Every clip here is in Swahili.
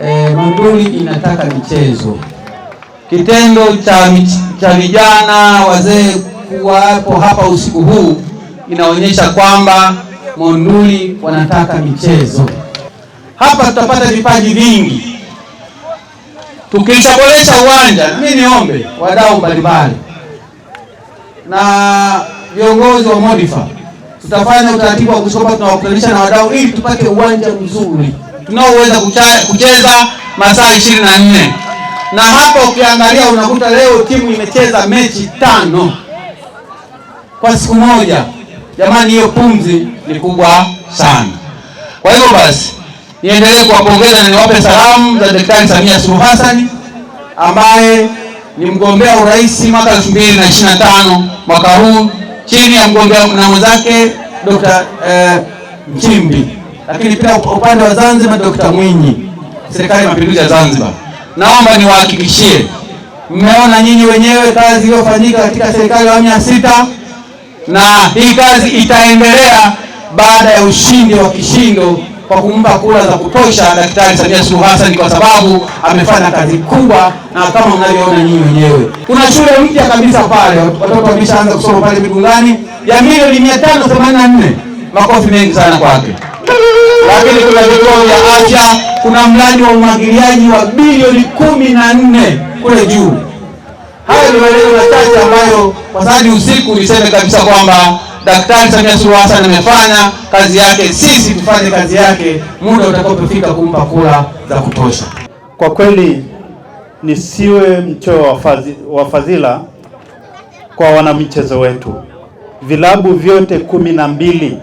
e, eh, Monduli inataka michezo. Kitendo cha vijana wazee kuwapo hapa usiku huu inaonyesha kwamba Monduli wanataka michezo. Hapa tutapata vipaji vingi tukiishaboresha uwanja. Mimi niombe wadau mbalimbali na viongozi wa Modifa, tutafanya utaratibu wa kusoma tunawakutanisha na wadau ili tupate uwanja mzuri tunaoweza kucheza masaa ishirini na nne na hapa ukiangalia unakuta leo timu imecheza mechi tano kwa siku moja. Jamani, hiyo pumzi ni kubwa sana. Kwa hivyo basi, niendelee kuwapongeza na niwape salamu za Daktari Samia Suluhu Hassan ambaye ni mgombea urais mwaka 2025 mwaka huu chini ya mgombea na mwenzake Dr. eh, Mchimbi lakini pia upande wa Zanzibar, Dr. Mwinyi, serikali ya mapinduzi ya Zanzibar, naomba niwahakikishie, mmeona nyinyi wenyewe kazi iliyofanyika katika serikali ya awamu ya sita, na hii kazi itaendelea baada ya ushindi wa kishindo kwa kumpa kura za kutosha Daktari Samia Suluhu Hassan, kwa sababu amefanya kazi kubwa, na kama mnavyoona nyinyi wenyewe, kuna shule mpya kabisa pale, watoto wameshaanza kusoma pale Migungani ya milioni 584. Makofi mengi sana kwake lakini kuna vituo vya afya, kuna mradi wa umwagiliaji wa bilioni kumi na nne kule juu. Haya ni maeneo machache ambayo kwa usiku niseme kabisa kwamba Daktari Samia Suluhu Hassan amefanya kazi yake, sisi tufanye kazi yake muda utakapofika kumpa kura za kutosha. Kwa kweli nisiwe mchoyo wa fadhila kwa wanamichezo wetu, vilabu vyote kumi na mbili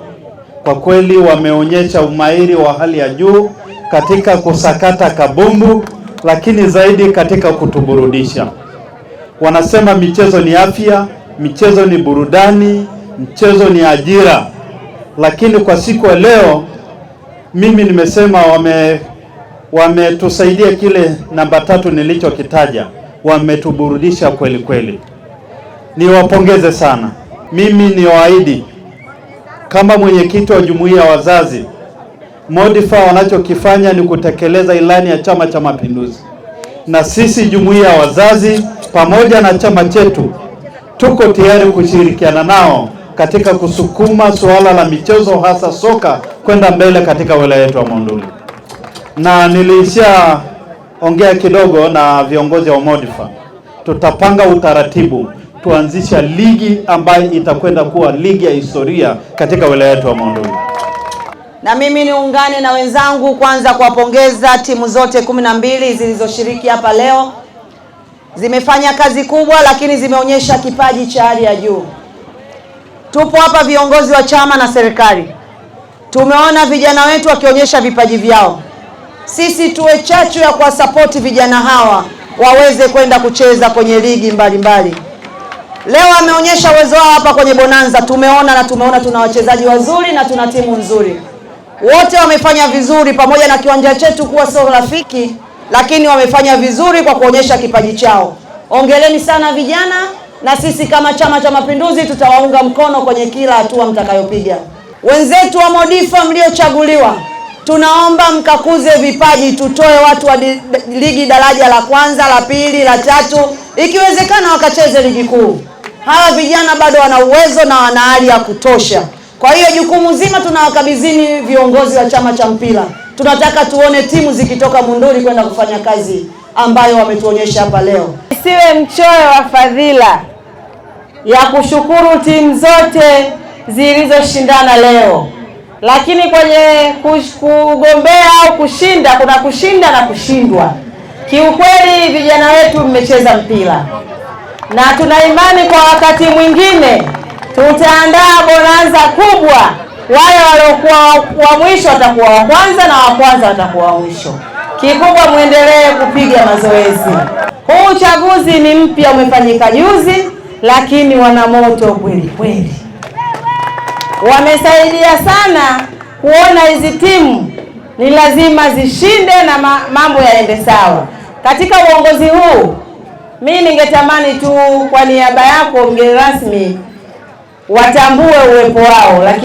kwa kweli wameonyesha umahiri wa hali ya juu katika kusakata kabumbu, lakini zaidi katika kutuburudisha. Wanasema michezo ni afya, michezo ni burudani, mchezo ni ajira. Lakini kwa siku ya leo mimi nimesema wame wametusaidia kile namba tatu nilichokitaja, wametuburudisha kweli kweli. Niwapongeze sana. Mimi ni waahidi kama mwenyekiti wa jumuiya ya wazazi, MODIFA wanachokifanya ni kutekeleza ilani ya Chama cha Mapinduzi, na sisi jumuiya ya wazazi pamoja na chama chetu tuko tayari kushirikiana nao katika kusukuma suala la michezo hasa soka kwenda mbele katika wilaya yetu ya Monduli. Na nilishaongea kidogo na viongozi wa MODIFA, tutapanga utaratibu tuanzisha ligi ambayo itakwenda kuwa ligi ya historia katika wilaya yetu ya Monduli. Na mimi niungane na wenzangu kwanza kuwapongeza timu zote kumi na mbili zilizoshiriki hapa leo. Zimefanya kazi kubwa, lakini zimeonyesha kipaji cha hali ya juu. Tupo hapa viongozi wa chama na serikali, tumeona vijana wetu wakionyesha vipaji vyao. Sisi tuwe chachu ya kuwasapoti vijana hawa waweze kwenda kucheza kwenye ligi mbalimbali mbali. Leo ameonyesha uwezo wao hapa kwenye Bonanza, tumeona na tumeona tuna wachezaji wazuri na tuna timu nzuri, wote wamefanya vizuri, pamoja na kiwanja chetu kuwa sio rafiki, lakini wamefanya vizuri kwa kuonyesha kipaji chao. Ongeleni sana vijana, na sisi kama Chama cha Mapinduzi tutawaunga mkono kwenye kila hatua mtakayopiga. Wenzetu wa Modifa mliochaguliwa, tunaomba mkakuze vipaji, tutoe watu wa ligi daraja la kwanza, la pili, la tatu ikiwezekana wakacheze ligi kuu. Hawa vijana bado wana uwezo na wana hali ya kutosha. Kwa hiyo jukumu zima tunawakabidhini viongozi wa chama cha mpira. Tunataka tuone timu zikitoka Munduli kwenda kufanya kazi ambayo wametuonyesha hapa leo. Isiwe mchoyo wa fadhila ya kushukuru timu zote zilizoshindana leo, lakini kwenye kugombea au kushinda kuna kushinda na kushindwa. Kiukweli vijana wetu mmecheza mpira, na tuna imani kwa wakati mwingine tutaandaa bonanza kubwa. Wale waliokuwa wa mwisho watakuwa wa kwanza na wa kwanza watakuwa wa mwisho. Kikubwa mwendelee kupiga mazoezi. Huu uchaguzi ni mpya, umefanyika juzi, lakini wana moto kweli kweli, wamesaidia sana kuona hizi timu ni lazima zishinde na mambo yaende sawa. Katika uongozi huu mi ningetamani tu kwa niaba yako mgeni rasmi watambue uwepo wao, lakini